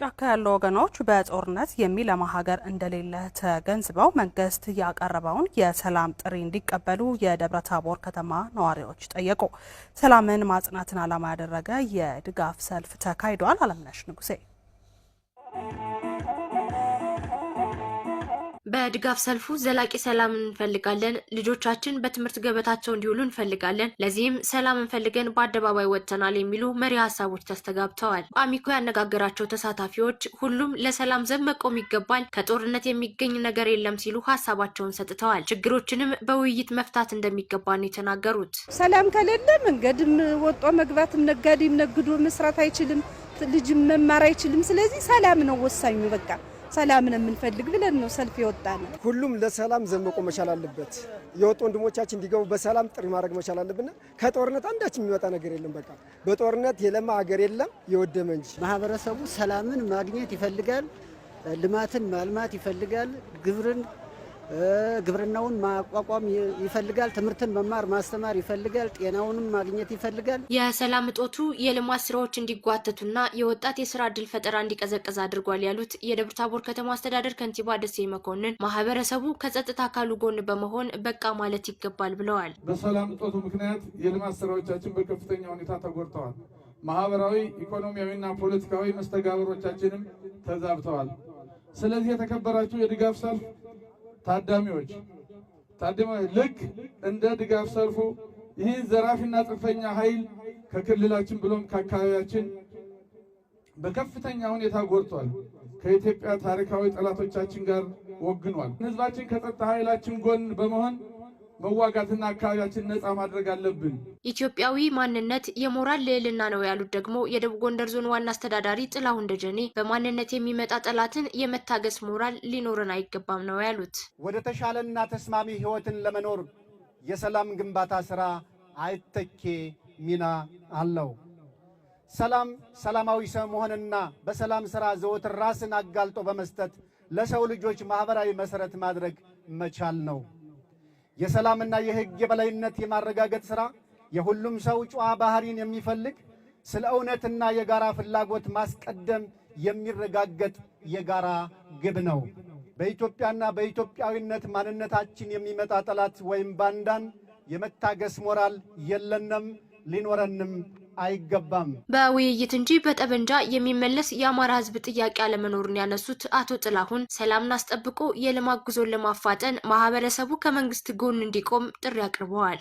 ጫካ ያሉ ወገኖች በጦርነት የሚለማ ሀገር እንደሌለ ተገንዝበው መንግስት ያቀረበውን የሰላም ጥሪ እንዲቀበሉ የደብረ ታቦር ከተማ ነዋሪዎች ጠየቁ። ሰላምን ማጽናትን ዓላማ ያደረገ የድጋፍ ሰልፍ ተካሂዷል። አለምነሽ ንጉሴ በድጋፍ ሰልፉ ዘላቂ ሰላም እንፈልጋለን፣ ልጆቻችን በትምህርት ገበታቸው እንዲውሉ እንፈልጋለን፣ ለዚህም ሰላም እንፈልገን በአደባባይ ወጥተናል የሚሉ መሪ ሀሳቦች ተስተጋብተዋል። አሚኮ ያነጋገራቸው ተሳታፊዎች ሁሉም ለሰላም ዘብ መቆም ይገባል፣ ከጦርነት የሚገኝ ነገር የለም ሲሉ ሀሳባቸውን ሰጥተዋል። ችግሮችንም በውይይት መፍታት እንደሚገባ ነው የተናገሩት። ሰላም ከሌለ መንገድም ወጦ መግባትም ነጋዴም ነግዶ መስራት አይችልም፣ ልጅም መማር አይችልም። ስለዚህ ሰላም ነው ወሳኙ በቃ ሰላምን የምንፈልግ ብለን ነው ሰልፍ ይወጣል ሁሉም ለሰላም ዘመቆ መቻል አለበት። የወጡ ወንድሞቻችን እንዲገቡ በሰላም ጥሪ ማድረግ መቻል አለብን። ከጦርነት አንዳች የሚመጣ ነገር የለም። በቃ በጦርነት የለማ ሀገር የለም የወደመ እንጂ። ማህበረሰቡ ሰላምን ማግኘት ይፈልጋል። ልማትን ማልማት ይፈልጋል። ግብርን ግብርናውን ማቋቋም ይፈልጋል። ትምህርትን መማር ማስተማር ይፈልጋል። ጤናውንም ማግኘት ይፈልጋል። የሰላም እጦቱ የልማት ስራዎች እንዲጓተቱና የወጣት የስራ እድል ፈጠራ እንዲቀዘቀዝ አድርጓል ያሉት የደብረ ታቦር ከተማ አስተዳደር ከንቲባ ደሴ መኮንን ማህበረሰቡ ከጸጥታ አካሉ ጎን በመሆን በቃ ማለት ይገባል ብለዋል። በሰላም እጦቱ ምክንያት የልማት ስራዎቻችን በከፍተኛ ሁኔታ ተጎድተዋል። ማህበራዊ ኢኮኖሚያዊና ፖለቲካዊ መስተጋብሮቻችንም ተዛብተዋል። ስለዚህ የተከበራችሁ የድጋፍ ሰልፍ ታዳሚዎች ታዳሚዎች ልክ እንደ ድጋፍ ሰልፉ ይህን ዘራፊና ጽንፈኛ ኃይል ከክልላችን ብሎም ከአካባቢያችን በከፍተኛ ሁኔታ ጎድቷል። ከኢትዮጵያ ታሪካዊ ጠላቶቻችን ጋር ወግኗል። ህዝባችን ከጸጥታ ኃይላችን ጎን በመሆን መዋጋትና አካባቢያችን ነፃ ማድረግ አለብን። ኢትዮጵያዊ ማንነት የሞራል ልዕልና ነው ያሉት ደግሞ የደቡብ ጎንደር ዞን ዋና አስተዳዳሪ ጥላሁን ደጀኔ በማንነት የሚመጣ ጠላትን የመታገስ ሞራል ሊኖረን አይገባም ነው ያሉት። ወደ ተሻለና ተስማሚ ህይወትን ለመኖር የሰላም ግንባታ ስራ አይተኬ ሚና አለው። ሰላም ሰላማዊ ሰው መሆንና በሰላም ስራ ዘወትር ራስን አጋልጦ በመስጠት ለሰው ልጆች ማህበራዊ መሰረት ማድረግ መቻል ነው። የሰላምና የሕግ የበላይነት የማረጋገጥ ሥራ የሁሉም ሰው ጨዋ ባህሪን የሚፈልግ ስለ እውነትና የጋራ ፍላጎት ማስቀደም የሚረጋገጥ የጋራ ግብ ነው። በኢትዮጵያና በኢትዮጵያዊነት ማንነታችን የሚመጣ ጠላት ወይም ባንዳን የመታገስ ሞራል የለንም፣ ሊኖረንም አይገባም። በውይይት እንጂ በጠበንጃ የሚመለስ የአማራ ህዝብ ጥያቄ አለመኖሩን ያነሱት አቶ ጥላሁን ሰላምን አስጠብቆ የልማት ጉዞን ለማፋጠን ማህበረሰቡ ከመንግስት ጎን እንዲቆም ጥሪ አቅርበዋል።